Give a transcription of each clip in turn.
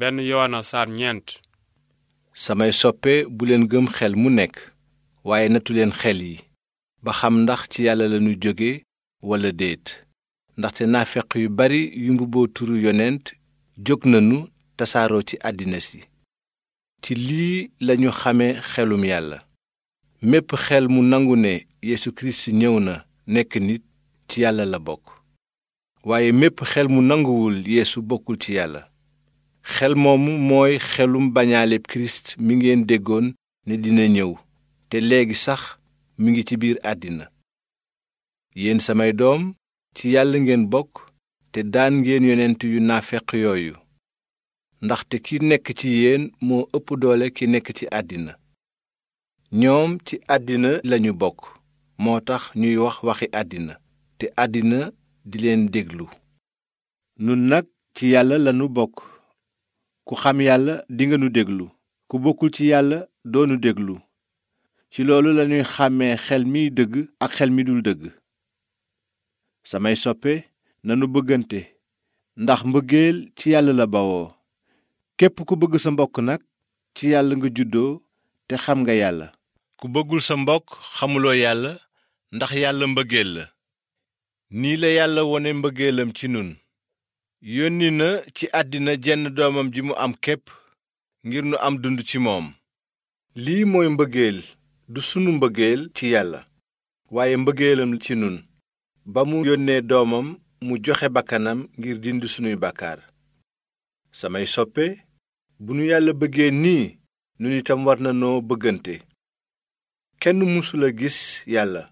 benn yoona saar ñeent samay soppe bu leen gëm xel mu nekk waaye natu leen xel yi ba xam ndax ci yàlla lañu jóge walla déet ndaxte naafeq yu bari yu mbubboo turu yonent jóg nañu tasaaroo ci àddina si ci lii lañu xame xelum yàlla mépp xel mu nangu ne Yesu kirist ñëw na nekk nit ci yàlla la bokk waaye mépp xel mu nanguwul Yesu bokkul ci yàlla xel moomu mooy xelum bañaaleb kirist mi ngeen déggoon ne dina ñëw te léegi sax mu ngi ci biir àddina yéen samay doom ci yàlla ngeen bokk te daan ngeen yonent yu naafeq yooyu ndaxte ki nekk ci yéen moo ëpp doole ki nekk ci àddina ñoom ci àddina lañu bokk moo tax ñuy wax waxi àddina te àddina di leen déglu nun nag ci yàlla lanu bokk ku xam yàlla dinga nu déglu ku bokkul ci yàlla doonu déglu ci loolu lañuy xàmmee xel miy dëgg ak xel mi dul dëgg samay soppe nanu bëggante ndax mbëggeel ci yàlla la bawoo képp ku bëgg sa mbokk nag ci yàlla nga juddoo te xam nga yàlla ku bëggul sa mbokk xamuloo yàlla ndax yàlla mbëggeel la nii la yàlla wone mbëggeelam ci nun yónni na ci àddina jenn doomam ji mu am képp ngir nu am dund ci moom lii mooy mbëggeel du sunu mbëggeel ci yàlla waaye mbëggeelam ci nun ba mu yónnee doomam mu joxe bakkanam ngir dindi sunuy bàkkaar samay soppe bu nu yàlla bëggee nii nun itam war na noo bëggante kenn mësula gis yàlla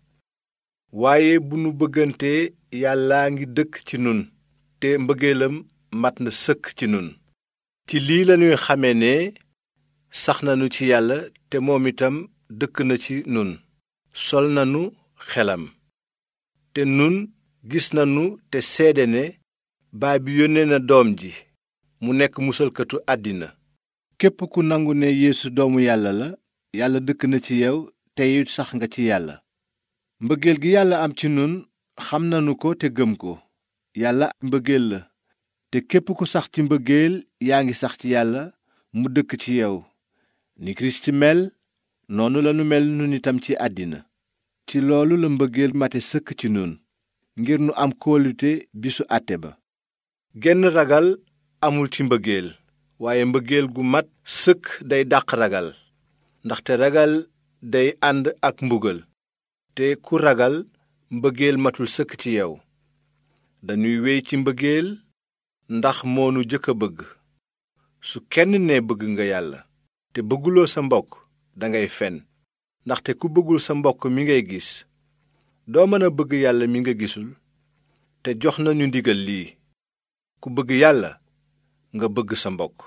waaye bu nu bëggantee yàllaa ngi dëkk ci nun ndaxte mbëggeelam mat na sëkk ci nun ci lii lañuy xame ne sax nanu ci yàlla te moom itam dëkk na ci nun sol na nu xelam te nun gis na nu te seede ne baay bi yónnee na doom ji mu nekk musalkatu àddina képp ku nangu ne yeesu doomu yàlla la yàlla dëkk na ci yow te sax nga ci yàlla mbëggeel gi yàlla am ci nun xam nanu ko te gëm ko yàlla mbëggeel la te képp ku sax ci mbëggeel yaa ngi sax ci yàlla mu dëkk ci yow ni kirist mel noonu lanu mel nun itam ci àddina ci loolu la mbëggeel mate sëkk ci nun ngir nu am kóolute bisu àtte ba genn ragal amul ci mbëggeel waaye mbëggeel gu mat sëkk day dàq ragal ndaxte ragal day ànd ak mbugal te ku ragal mbëggeel matul sëkk ci yow dañuy wéy ci mbëggeel ndax moonu jëkk a bëgg su kenn nee bëgg nga yàlla te bëgguloo sa mbokk dangay fen ndaxte ku bëggul sa mbokk mi ngay gis doo mën a bëgg yàlla mi nga gisul te jox nañu ndigal lii ku bëgg yàlla nga bëgg sa mbokk